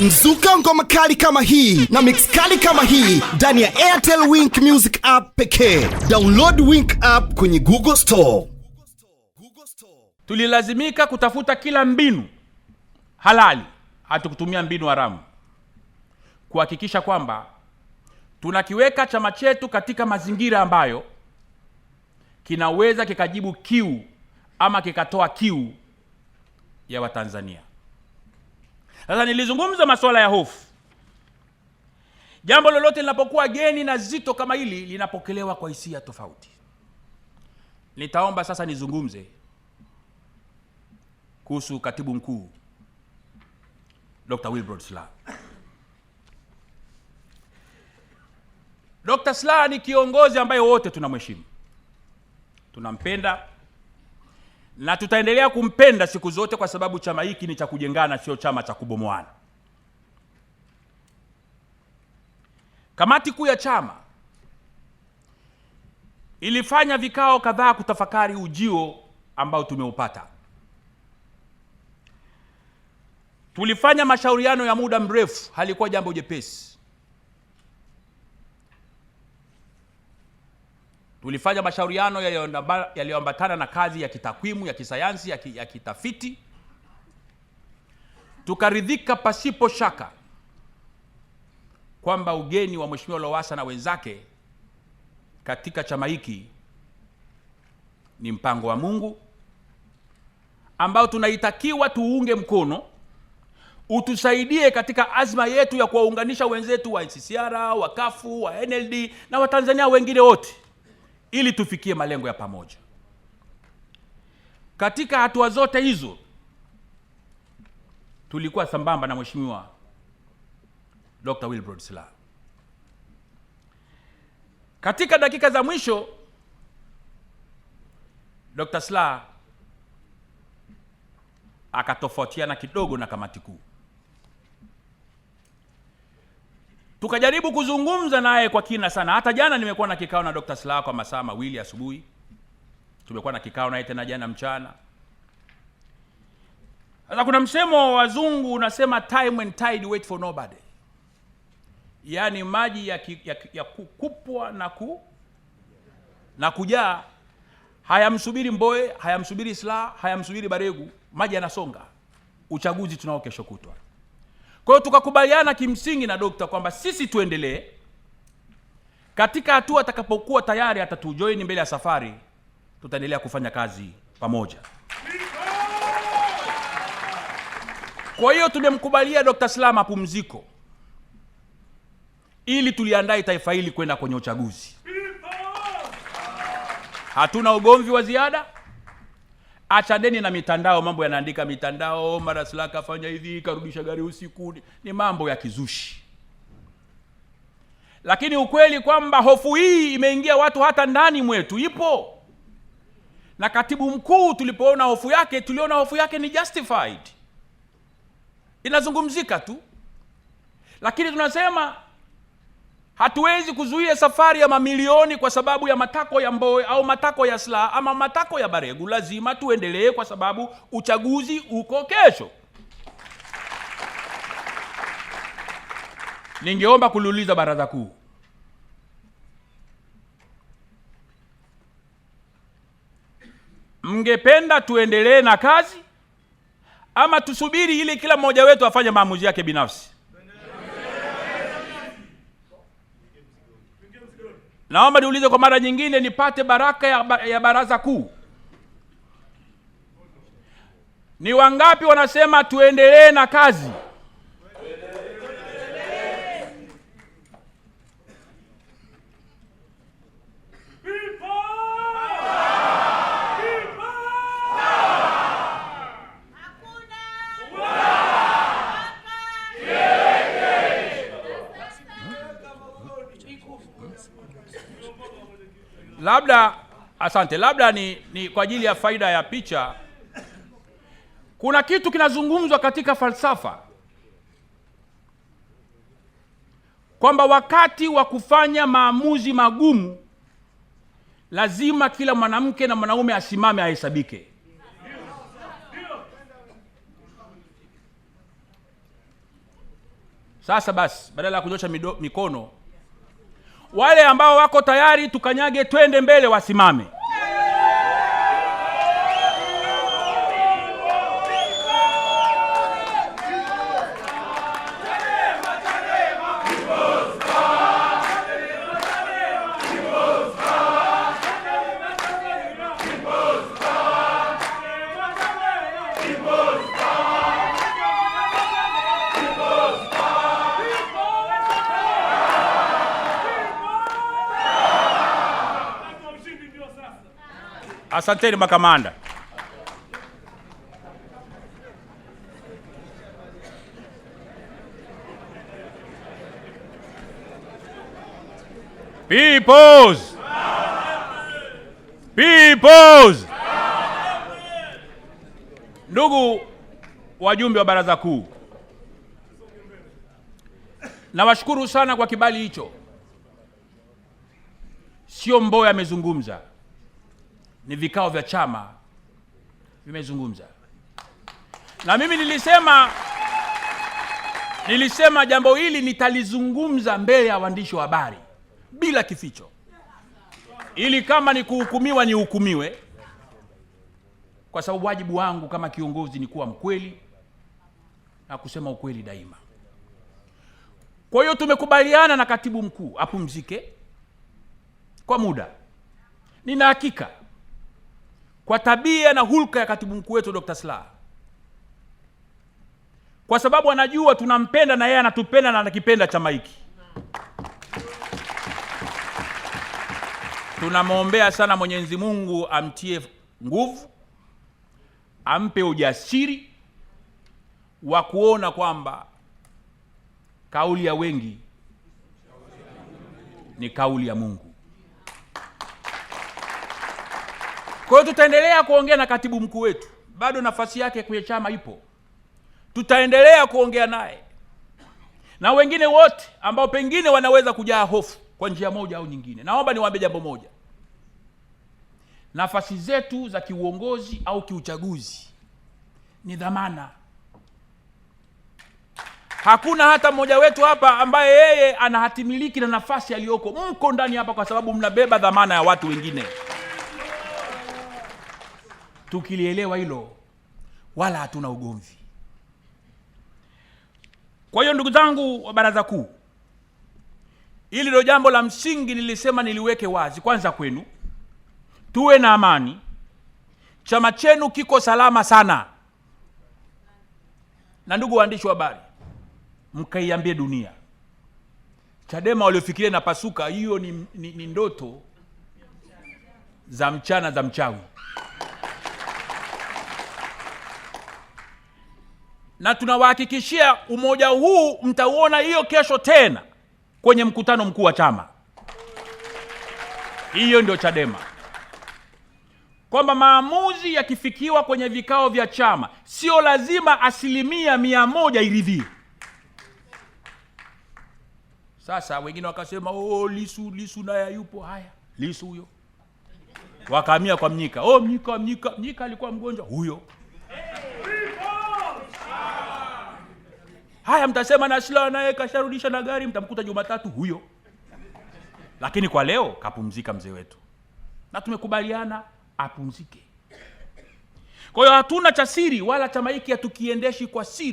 mzuka ngoma kali kama hii na mix kali kama hii ndani ya Airtel Wink Music app pekee. Download Wink app kwenye Google Store. Tulilazimika kutafuta kila mbinu halali, hatukutumia mbinu haramu, kuhakikisha kwamba tunakiweka chama chetu katika mazingira ambayo kinaweza kikajibu kiu ama kikatoa kiu ya Watanzania. Sasa nilizungumza masuala ya hofu. Jambo lolote linapokuwa geni na zito kama hili linapokelewa kwa hisia tofauti. Nitaomba sasa nizungumze kuhusu katibu mkuu Dr. Wilbrod sla Dr. sla ni kiongozi ambaye wote tunamheshimu, tunampenda, na tutaendelea kumpenda siku zote, kwa sababu chama hiki ni cha kujengana, sio chama cha kubomoana. Kamati kuu ya chama ilifanya vikao kadhaa kutafakari ujio ambao tumeupata. Tulifanya mashauriano ya muda mrefu, halikuwa jambo jepesi Tulifanya mashauriano yaliyoambatana na kazi ya kitakwimu ya kisayansi ya kitafiti. Tukaridhika pasipo shaka kwamba ugeni wa Mheshimiwa Lowassa na wenzake katika chama hiki ni mpango wa Mungu ambao tunaitakiwa tuunge mkono, utusaidie katika azma yetu ya kuwaunganisha wenzetu wa NCCR, wa CUF, wa NLD na Watanzania wengine wote ili tufikie malengo ya pamoja. Katika hatua zote hizo tulikuwa sambamba na Mheshimiwa Dr. Wilbrod Slaa. Katika dakika za mwisho Dr. sla akatofautiana kidogo na kamati kuu. tukajaribu kuzungumza naye kwa kina sana. Hata jana nimekuwa na kikao na Dr. Slaa kwa masaa mawili asubuhi, tumekuwa na kikao naye tena jana mchana. Sasa kuna msemo wa wazungu unasema time and tide wait for nobody, yaani maji ya, ki, ya, ya kukupwa na, ku, na kujaa hayamsubiri Mboe, hayamsubiri Slaa, hayamsubiri Baregu, maji yanasonga. Uchaguzi tunao kesho kutwa. Kwa hiyo tukakubaliana kimsingi na dokta kwamba sisi tuendelee katika hatua atakapokuwa tayari atatujoini mbele ya safari, tutaendelea kufanya kazi pamoja. Kwa hiyo tulimkubalia Dr. Slaa mapumziko ili tuliandae taifa hili kwenda kwenye uchaguzi. Hatuna ugomvi wa ziada. Achaneni na mitandao, mambo yanaandika mitandao, mara Slaa kafanya hivi, karudisha gari usiku, ni mambo ya kizushi. Lakini ukweli kwamba hofu hii imeingia watu hata ndani mwetu ipo, na katibu mkuu tulipoona hofu yake, tuliona hofu yake ni justified, inazungumzika tu, lakini tunasema hatuwezi kuzuia safari ya mamilioni kwa sababu ya matako ya mboe au matako ya Slaa ama matako ya Baregu. Lazima tuendelee kwa sababu uchaguzi uko kesho. Ningeomba kuliuliza Baraza Kuu, mngependa tuendelee na kazi ama tusubiri ili kila mmoja wetu afanye maamuzi yake binafsi? Naomba niulize kwa mara nyingine nipate baraka ya baraza kuu. Ni wangapi wanasema tuendelee na kazi? labda asante, labda ni, ni kwa ajili ya faida ya picha. Kuna kitu kinazungumzwa katika falsafa kwamba wakati wa kufanya maamuzi magumu lazima kila mwanamke na mwanaume asimame ahesabike. Sasa basi, badala ya kunyosha mikono wale ambao wako tayari tukanyage twende mbele wasimame. Asanteni makamanda. Peoples. Peoples. Ndugu wajumbe wa baraza kuu, nawashukuru sana kwa kibali hicho. Sio mboya amezungumza ni vikao vya chama vimezungumza, na mimi nilisema nilisema jambo hili nitalizungumza mbele ya waandishi wa habari bila kificho, ili kama ni kuhukumiwa nihukumiwe, kwa sababu wajibu wangu kama kiongozi ni kuwa mkweli na kusema ukweli daima. Kwa hiyo tumekubaliana na katibu mkuu apumzike kwa muda. Nina hakika kwa tabia na hulka ya katibu mkuu wetu Dr. Slaa kwa sababu anajua tunampenda na yeye anatupenda na anakipenda chama hiki. Tunamwombea sana Mwenyezi Mungu amtie nguvu, ampe ujasiri wa kuona kwamba kauli ya wengi ni kauli ya Mungu. Kwa hiyo tutaendelea kuongea na katibu mkuu wetu, bado nafasi yake kwenye chama ipo, tutaendelea kuongea naye na wengine wote ambao pengine wanaweza kujaa hofu kwa njia moja au nyingine. Naomba niwaambie jambo moja, nafasi zetu za kiuongozi au kiuchaguzi ni dhamana. Hakuna hata mmoja wetu hapa ambaye yeye ana hatimiliki na nafasi aliyoko. Mko ndani hapa kwa sababu mnabeba dhamana ya watu wengine tukilielewa hilo, wala hatuna ugomvi. Kwa hiyo ndugu zangu wa baraza kuu, hili ndio jambo la msingi nilisema niliweke wazi kwanza kwenu, tuwe na amani. Chama chenu kiko salama sana, na ndugu waandishi wa habari, mkaiambie dunia Chadema waliofikiria na pasuka hiyo ni, ni, ni ndoto za mchana za mchawi. na tunawahakikishia umoja huu mtauona hiyo kesho tena kwenye mkutano mkuu wa chama. Hiyo ndio Chadema, kwamba maamuzi yakifikiwa kwenye vikao vya chama sio lazima asilimia mia moja iridhie. Sasa wengine wakasema oh, Lisu Lisu naye yupo. Haya, Lisu huyo, wakaamia kwa Mnyika. Oh, Mnyika Mnyika Mnyika alikuwa mgonjwa huyo. Haya, mtasema shila naye kasharudisha na gari, mtamkuta Jumatatu huyo. Lakini kwa leo kapumzika mzee wetu, na tumekubaliana apumzike. Kwa hiyo hatuna cha siri wala chama hiki hatukiendeshi kwa siri.